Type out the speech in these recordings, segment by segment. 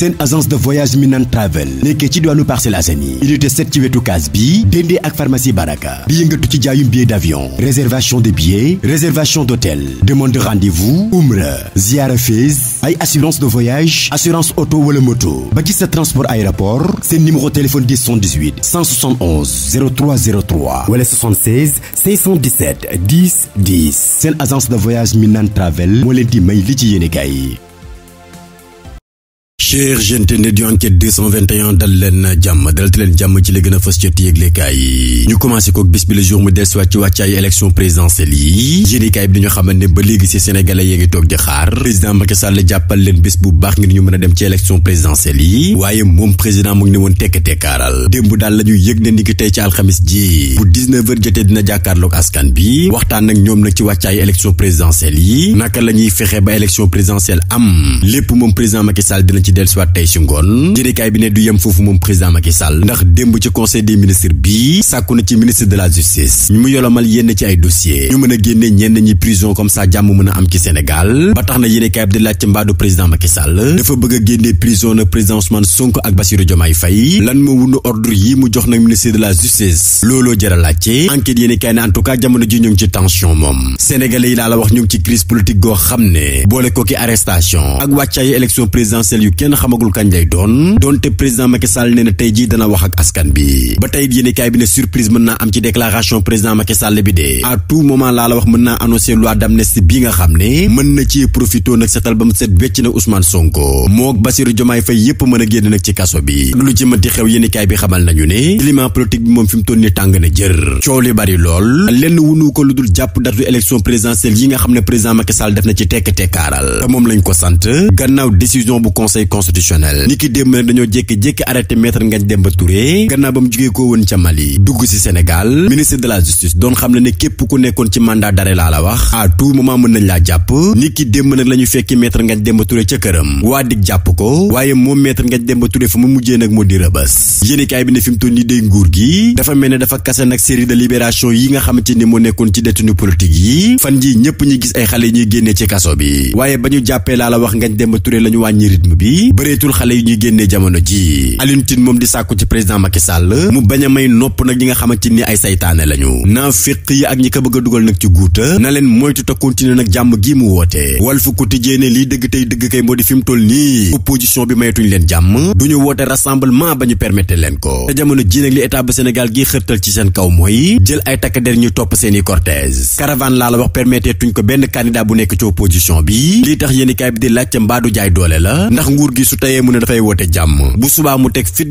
seen agence de voyage Minan Travel nekkee ci diwaanu Parcelles Assainies unité 7 ci wetu kaas bi dendee ak pharmacie Baraka bi yëngatu ci jaayum billet d'avion réservation de billets réservation d'hôtel demande de rendez-vous umra ziara Fès ay assurance de voyage assurance auto wala moto ba ci sa transport aéroport seen numéro téléphone di 78 171 0303 wala 76 517 10 10 seen agence de voyage Minan Travel moo leen di may li ci yéene kaay cher gentene di enquête 221 dal leen jàmm dalati leen jàmm ci li gën a fës ci yëglekaay yi ñu commencé kook bis bi le jour mu dellusiwaat ci wàccaay élection présidentielle yi yéenekaay bi dañu xamante ne ba léegi ci sénégalais yi ngi toog di président Macky Sall jàppal leen bis bu baax ngir ñu mën a dem ci élection présidentielle yi waaye moom président mu ngi woon tekk tekkaaral démb daal la yëg ne ni tey ci alxamis ji bu 19 heures jotee ñoom nag ci wàccaay élection présidentielle yi naka la ñuy fexe ba élection présidentielle am lépp moom président Macky Sall dina ci dellusiwaat tey ci ngoon jërekaay bi ne du yem foofu moom président Macky Sall ndax démb ci conseil des ministres bii sàkku na ci ministre de la justice ñu mu yolomal yenn ci ay dossier ñu mën a génne ñenn ñi prison comme ça jàmm mën a am ci Sénégal ba tax na yéenekaay bi di laaj ci mbaadu président Macky Sall dafa bëgg a génne prison nag président Ousmane Sonko ak Bassirou Diomaye Faye lan moo wundu ordre yi mu jox nag ministre de la justice looloo jëra laajte enquête yéenekaay en tout cas jamono ji ñu ngi ci tension moom sénégalais yi laa la wax ñu ngi ci crise politique goo xam ne boole ko ki arrestation ak wàccaay élection kenn xamagul kañ lay doon doonte président Macky Sall nee na tey jii dana wax ak askan bi ba tey yéene kaay bi ne surprise mën naa am ci déclaration président Macky bi de à tout bi a na jër coow li bari lool lenn wunu ko lu yi nga xam ne président Macky Sall def na ci tekk tekkaaral moom lañ ko sant gannaaw décision bu conseil constitutionnel ni ki démb nag dañoo jékki-jékki arrêté maître Ngagne Demba Touré gannaaw ba mu jugee koo woon ca Mali dugg si Sénégal ministre de la justice doon xam ne ne képp ku nekkoon ci mandat d'arrêt laa la wax à tout mën nañ laa jàpp ni ki démb nag la ñu fekki maître Ngagne Demba Touré ca këram waa dig jàpp ko waaye moom maître Ngagne Demba Touré fa mu mujjee nag moo di rëbës yéenekaay bi ne fi mu toll nii day nguur gi dafa mel ne dafa kase nag série de libération yi nga xamante ni moo nekkoon ci détenu politique yi ji ñëpp ñi gis ay xale ñuy génnee ci kaso bi waaye ba ñu jàppee laa la wax Ngagne Demba Touré la wàññi rythme bi yi bëreetul xale yi ñuy génnee jamono ji Alioune Tine moom di sàkku ci président Macky Sall mu bañ a may nopp nag ñi nga xamante ni ay saytaane lañu naafiq yi ak ñi ko bëgg dugal nag ci guuta na leen moytu te continuer nag jàmm gi mu woote Walf Quotidien lii dëgg tey dëgg kay moo di fi mu toll nii opposition bi mayatuñ leen jàmm duñu woote rassemblement ba ñu permettre leen ko te jamono ji nag li état bu Sénégal gi xërtal ci seen kaw mooy jël ay takk der ñu topp seeni cortège caravane laa la wax permettre tuñ ko benn candidat bu nekk ci opposition bi lii tax yéenikaay bi di laajte mbaadu jaay doole la nguur gi su tayee mu ne dafay woote jàmm bu subaa mu teg yi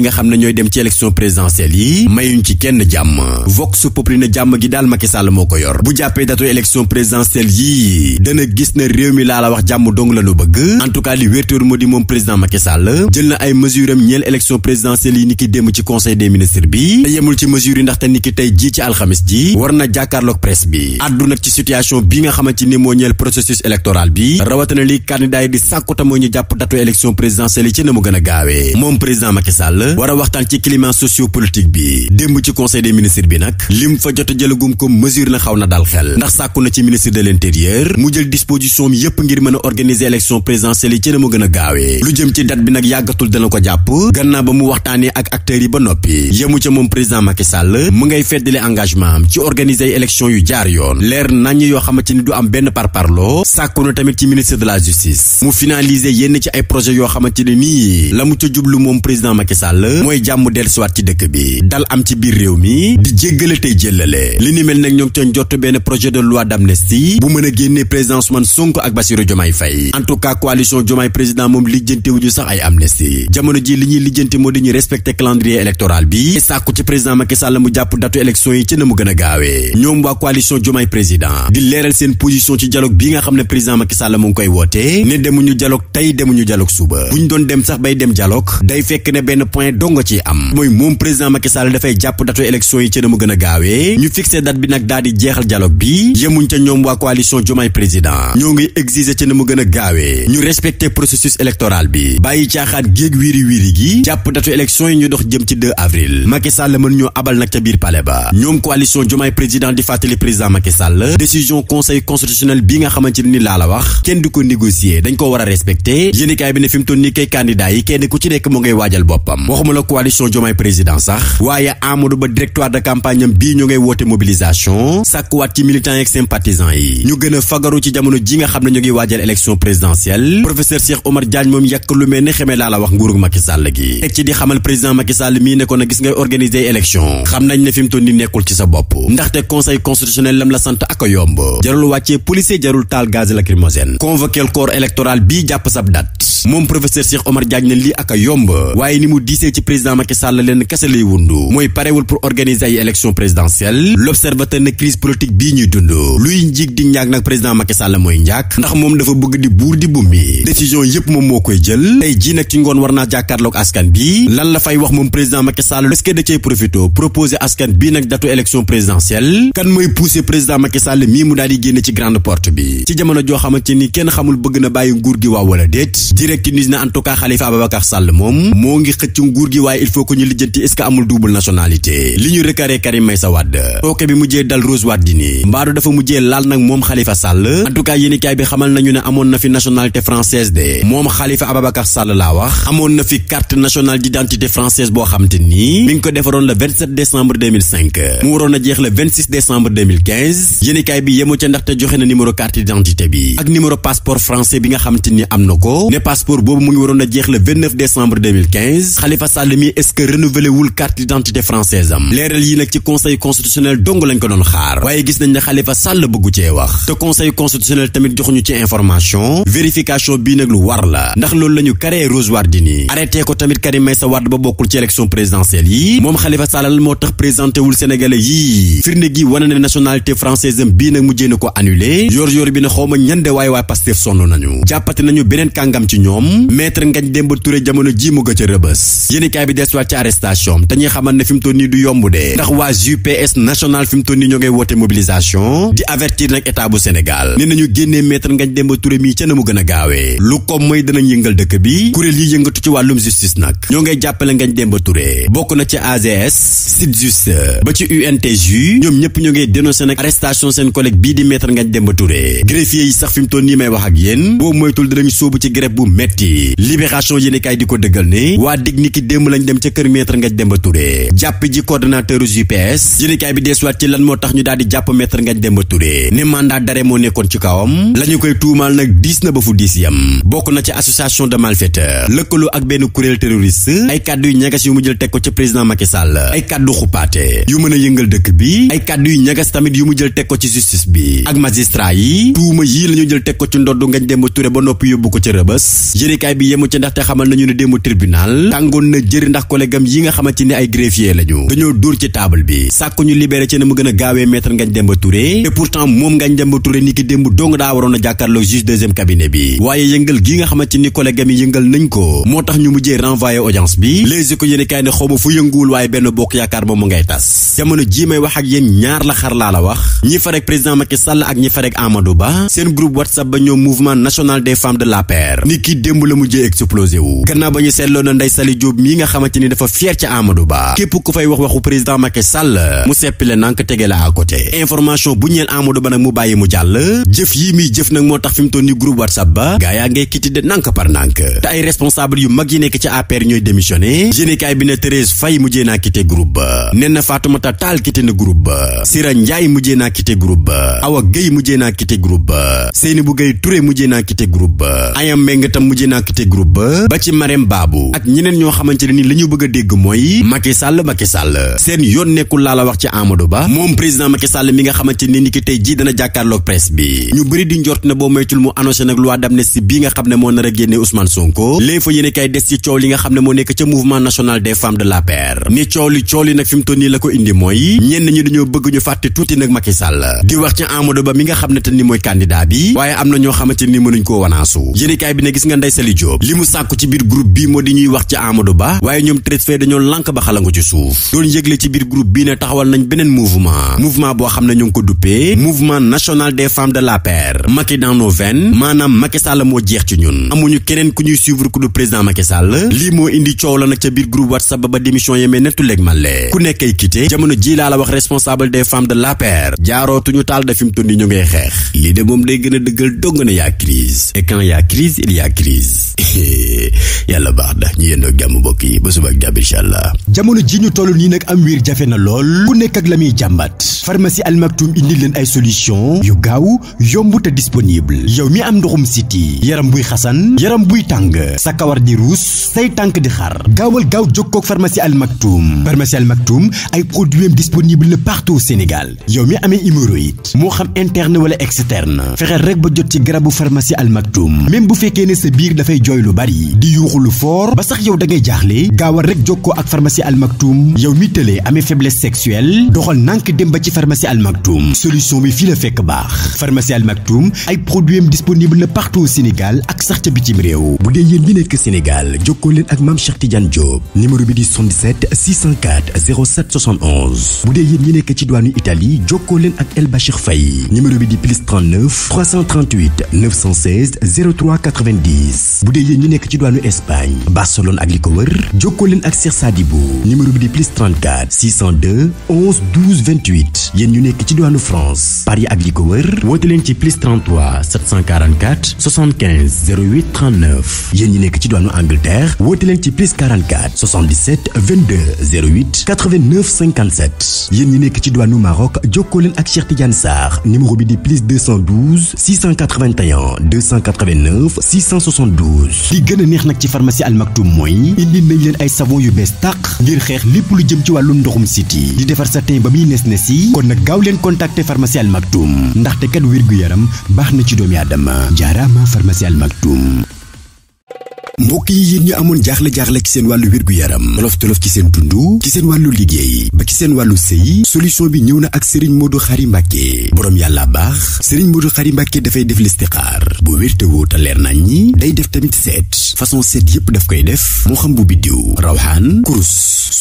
nga xam ne ñooy dem ci élection présidentielle yi mayuñ ci kenn jàmm vox populi na jàmm gi daal Macky Sall moo ko yor bu jàppee datu élection présidentielle yii dana gis na réew mi laa la wax jàmm dong la nu bëgg en tout cas li wértéer moo di moom président Macky Sall jël na ay mesure am ñeel élection présidentielle yi ni ki démb ci conseil des ministres bi te yemul ci mesure yi ndaxte te ki tey jii ci alxamis ji war na jàkkaarloog presse bi àddu nag ci situation bi nga xamante ni moo ñeel processus électoral bi rawatina li candidat bi sàkku ta mooy ñu jàpp datu élection présidentielle yi ci na mu gën a gaawee moom président Macky Sall war a waxtaan ci climat sociopolitique bi démb ci conseil des ministres bi nag lim fa jot a jëlagum ko mesure na xaw na daal xel ndax sàkku na ci ministre de l'intérieur mu jël disposition mi yépp ngir mën a organiser élection présidentielle yi ci na mu gën a gaawee lu jëm ci date bi nag yàggatul dana ko jàpp gannaaw ba mu waxtaanee ak acteur yi ba noppi yemu ca moom président Macky Sall mu ngay feddale am ci organiser élection yu jaar yoon leer nañ yoo xamante ni du am benn parparloo sàkku tamit ci ministre de la mu finaliser yenn ci ay projet yoo xamante ne nii la mu ca jublu moom président Macky Sall mooy jàmm dellusiwaat ci dëkk bi dal am ci biir réew mi di jéggale tey jëllale li ni mel nag ñoom teen jot benn projet de loi d'amnistie bu mën a génnee président Ousmane Sonko ak Bassirou Diomaye Faye en tout cas coalition Diomaye président moom lijjantewuñu sax ay amnistie jamono ji li ñuy lijjanti moo dañuy respecter calendrier électoral bi sàkku ci président Macky Sall mu jàpp datu élection yi ci na mu gën a gaawee ñoom waa coalition Diomaye président di leeral seen position ci dialogue bi nga xam ne président Macky Sall mu ngi koy woote demuñu dialogue tey demuñu dialogue suba bu ñu doon dem sax bay dem dialogue day fekk ne benn point dongo ci am mooy moom président Macky Sall dafay jàpp datu élection yi ci na mu gën a gaawee ñu fixé date bi nag daal di jeexal dialogue bi yemuñ ca ñoom waa coalition Diomaye président ñoo ngi exiger ci na mu gën a gaawee ñu respecté processus électoral bi bàyyi caaxaan géeg wiiri wiiri gi jàpp datu élection yi ñu dox jëm ci 2 avril Macky Sall mën ñoo abal nag ca biir palais ba ñoom coalition Diomaye président di fàttali président Macky Sall décision conseil constitutionnel bi nga xamante ni laa la wax kenn du ko n ko war a respecté yéenekaay bi ne fi mu kay candidat yi kenn ku ci nekk mu ngay waajal boppam waxuma la coalition président sax waaye Amadou Ba directoire de campagne am bii ngay woote mobilisation sàkkuwaat ci militants yeeg sympathisants yi ñu gën fagaru ci jamono ji nga xam ne ñu ngi waajal élection présidentielle professeur Cheikh Omar Diagne moom yàkk lu mel ne xamee laa la wax nguurug Macky gi teg ci di xamal président Macky journal bii jàpp sab dat moom professeur Cheikh Omar Diagne ne lii ak a yomb waaye ni mu diisee ci président Macky Sall leen kese lay wundu mooy parewul pour organiser ay élection présidentielle l'observateur ne crise politique bii ñuy dund luy njiig di ñaag nag président Macky Sall mooy njaag ndax moom dafa bëgg di buur di bummi décision yépp moom moo koy jël tey jii nag ci ngoon war naa jàkkaarloog askan bi lan la fay wax moom président Macky Sall est-ce que da cay profité proposé askan bi nag mooy poussé président Macky Sall mii mu daal di génne ci grande porte bi ci jamono joo ni kenn xamul bëgg na bàyyi nguur gi waaw wala déet nekk ni na en tout cas Khalifa moom moo ngi xëcc nguur gi waaye il faut que ñu lijjanti est amul double nationalité li ñu recarré Karim Meïssa Wade kooke bi mujjee dal Rose Wardini mbaadu dafa mujjee laal nag moom Khalifa Sall en tout bi xamal nañu ne amoon na fi nationalité française de moom Khalifa Ababacar Sall laa wax amoon na fi carte nationale d'identité française boo xam te ni ngi ko defaroon le 27 mu waroon a jeex passeport boobu mu ngi waroon a jeex le 29 décembre 2015 mi est-ce que renouvelé wul am leeral yi nag ci conseil constitutionnel dong lañ ko doon xaar waaye gis nañ ne Khalifa Sall bëggu cee wax te conseil constitutionnel tamit joxuñu ci information vérification bii nag lu war la ndax loolu la ñu karee Rose Wardini arrêté ko tamit Karim Meïssa Wade ba bokkul ci élection présidentielle yi moom Khalifa Sall moo tax présenté wul ñoom maître Ngagne Demba Touré jamono ji mu nga ca rëbës yéenekaay bi desuwaat ci arrestation te ñuy xaman ne fi mu toll nii du yomb de ndax waa UPS national fi mu toll nii ñoo ngay woote mobilisation di avertir nag état bu Sénégal ne nañu génnee maître Ngagne Demba Touré mii ca na mu gën a gaawee lu ko mooy danañ yëngal dëkk bi kuréel yi yëngatu ci wàllum justice nag ñoo ngay jàppale Ngagne Demba Touré bokk na ci AGS SYTJUST ba ci UNTJ ñoom ñëpp ñoo ngay dénoncé nag arrestation seen collègue bii di maître Ngagne Demba Touré greffier yi sax fi mu toll nii may wax ak yéen boo moytul dinañ sóobu ci grève bu metti liberation yéene kaay di ko dëggal ne waa dig ni ki démb lañ dem ca kër maître Ngagne Demba Touré jàpp ji coordonnateur UPS yéene kaay bi deesuwaat ci lan moo tax ñu daal di jàpp maître Ngagne Demba Touré ne mandat d'arrêt moo nekkoon ci kawam lañu ñu koy tuumaal nag diis na ba fu diis yam bokk na ci association de malfaiteurs lëkkaloo ak benn kuréel terroriste ay kàddu yu ñagas yu mu jël teg ko ci président Macky Sall ay kàddu xupaate yu mën a yëngal dëkk bi ay kàddu yu ñagas tamit yu mu jël teg ko ci justice bi ak magistrat yi tuuma yii la ñu jël teg ko ci ndoddu Ngagne Demba ba noppi yóbbu ko ca rëbës las yéenekaay bi yemu ci ndaxte xamal nañu na jëri ndax collègue am yi nga xamante ni ay greffier lañu dañoo dóor ci table bi sàkku ñu libéré ci na mu gën a gaawee maître Ngagne Demba Touré te pourtant moom Ngagne Demba Touré ni ki démb dong daa waroon a jàkkaarloo juge deuxième cabinet bi waaye yëngal gi nga xamante ni collègue am yi yëngal nañ ko moo tax ñu mujjee renvoyé audience bi léegi ko yéenekaay ne xawma fu yënguwul waaye benn bokk yaakaar moom mu ngay tas jamono ñaar la xar laa la wax ñi farek président Macky Sall ak ñi farek Amadou Ba seen groupe WhatsApp ba ñoom mouvement ki démb la mujjee explosé wu gannaaw ba ñu seetloo na Ndeye Saly Diop mii nga xamante ni dafa fier ci Amadou Ba képp ku fay wax waxu président Macky Sall mu seppi la nank tege la à côté information bu ñeel Amadou Ba nag mu bàyyi mu jàll jëf yi muy jëf nag moo tax fi mu toll ni group WhatsApp ba gaa yaa ngay kiti de nank par nank te ay responsable yu mag yi nekk ci APR ñooy démissionné yéenekaay bi ne Thérèse Faye mujjee naa quitté groupe ba nee na Fatoumata Tall quitté na groupe ba Sira Ndiaye mujjee naa quitté groupe ba Awa Gueye mujjee naa quitté groupe ba Seynabou Gueye Touré mujjee naa quitté groupe ba Ayam Mbengue mujjee naa quitté groupe ba ba ci Marème Babou ak ñeneen ñoo xamante ne ni li ñu bëgg a dégg mooy Macky Sall Macky Sall seen yoon nekkul laa la wax ci Amadou Ba mu a génne Ousmane nekk ca mouvement national des femmes de l'APR ni coow li coow li nag fi mu nii la ko indi mooy ñenn ñi dañoo bëgg ñu fàtte tuuti nag Macky di wax ci Amadou Ba mi nga xam ne te ni mooy candidat bi waaye am na ñoo xamante ni mënuñ koo wanaasu yéene bi ne gis nga na Ndeye li mu sàkku ci biir groupe bii moo di ñuy wax ci Amadou Ba waaye ñoom TREDFED dañoo lànk ba xalangu ci suuf doon yëgle ci biir groupe bii ne taxawal nañ beneen mouvement mouvement boo xam ne ñu ngi ko duppee mouvement national des femmes de l'APR Macky dans nos veines maanaam Macky Sall moo jeex ci ñun amuñu keneen ku ñuy suivre ku du président Macky Sall lii moo indi coow la nag ca biir groupe WhatsApp ba ba démission nettu leeg male da a dëggal dong na yaa crise et quand y a crise crise yàlla baax na ba suba ak jàmm incha jamono ji ñu toll nii nag am wiir jafe na lool ku nekk ak la muy jàmbat pharmacie Al Maktoum indi leen ay solution yu gaaw yomb te disponible yow mi am ndoxum siti yaram buy xasan yaram buy tàng sa kawar di ruus say tànk di xar gaawal gaaw jokkoog pharmacie Al Maktoum pharmacie Al Maktoum ay produits disponible na partout Sénégal yow mi amee hémorroïde moo xam interne wala externe fexeel rek ba jot ci garabu pharmacie Al Maktoum bu fekkee ne biir dafay jooy lu bari di yuuxu lu fort ba sax yow da ngay jaaxle gaawal rek jokkoo ak pharmacie Al Maktoum yow mi tëlee amee faiblesse sexuelle doxal nànk dem ba ci pharmacie Al Maktoum solution bi fii la fekk baax pharmacie Al Maktoum ay produits am disponible na partout au Sénégal ak sax ca bitim réew bu dee yéen ñi nekk Sénégal jokkoo leen ak maam Cheikh Tidiane Diop numéro bi di 77 604 07 71 bu dee yéen ñi nekk ci diwaanu Italie jokkoo leen ak El Bachir Faye numéro bi di plus 39 338 10 bu dee yéen ñi nekk ci diwaanu Espagne Barcelone ak li ko wër jokkoo leen ak Cheikh Sadibou numéro bi di plus 34 602 11 12 28 yéen ñu nekk ci diwaanu France Paris ak li ci plus 33 744 75 08 39 yéen ñi nekk ci diwaanu Angleterre woote leen ci plus 44 77 22 nekk ci diwaanu Maroc jokkoo leen ak Cheikh Tidiane Sarr numéro bi di plus 212 681 289 172 li gën a neex nag ci pharmacie Al Maktoum mooy indi nañ leen ay savon yu bees tàq ngir xeex lépp lu jëm ci wàllum ndoxum siti di defar sa teen ba muy nes nes yi kon nag gaaw leen contacter pharmacie Al Maktoum ndaxte kat wir gu yaram baax na ci doomi aadama jaaraama pharmacie Al Maktoum mbokk yi yéen ñu amoon jaaxle-jaaxle ci seen wàllu wér-gu-yaram tolof-tolof ci seen dund ci seen wàllu liggéey ba ci seen wàllu sëy solution bi ñëw na ak sëriñ du xari Mbacké boroom yàlla baax sëriñ du xari Mbacké dafay def listixaar bu wér te wóor te leer nañ ñi day def tamit seet façon seet yépp daf koy def moo xam bu biddiw rawxaan kurus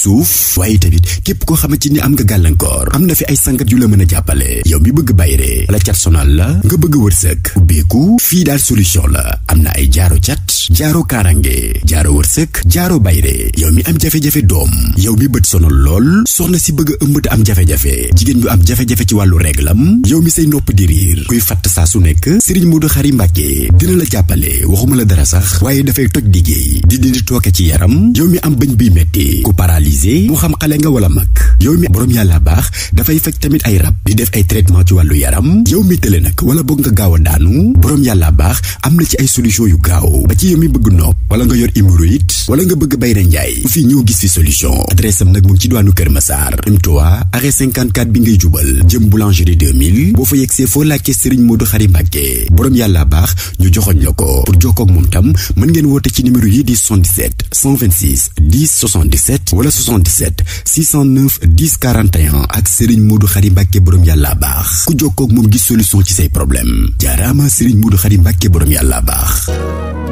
suuf waaye tamit képp koo xamante ni am nga gàllankoor am na fi ay sangat yu la mën a jàppale yow mi bëgg bayre wala cat sonal la nga bëgg wërsëg ubbeeku fii daal solution la am na ay jaaro cat jaaro karange jaaro wërsëg jaaro bayre yow mi am jafe-jafe doom yow mi bët sonal lool soxna si bëgg a ëmb te am jafe-jafe jigéen bu am jafe-jafe ci wàllu réglam yow mi say nopp di riir kuy fatt saa su nekk Serigne Modou Khary Mbacké dina la jàppale waxuma la dara sax waaye dafay toj liggéey di dindi tooke ci yaram yow mi am bëñ biy metti ku paralysé mu xam xale nga wala mag yow mi boroom yàlla baax dafay faj tamit ay rab di def ay traitement ci wàllu yaram yow mi tële nag wala bëgg nga gaaw a daanu boroom yàlla baax am na ci ay solution yu gaaw ci yow mi bëgg nopp wala nga yor hémorroïde wala nga bëgg bayra njaay fii ñëw gis fi solution adresse am nag mu ngi ci diwaanu Kër Massar M3 arrêt 54 bi ngay jubal jëm boulangerie 2000 boo fa yegsee foo laajte Serigne Modou Khary Mbacké boroom yàlla baax ñu joxoñ la ko pour jokkoo moom tam mën ngeen woote ci numéro yi di 77 ak Serigne Modou Khary Mbacké boroom boroom yàlla baax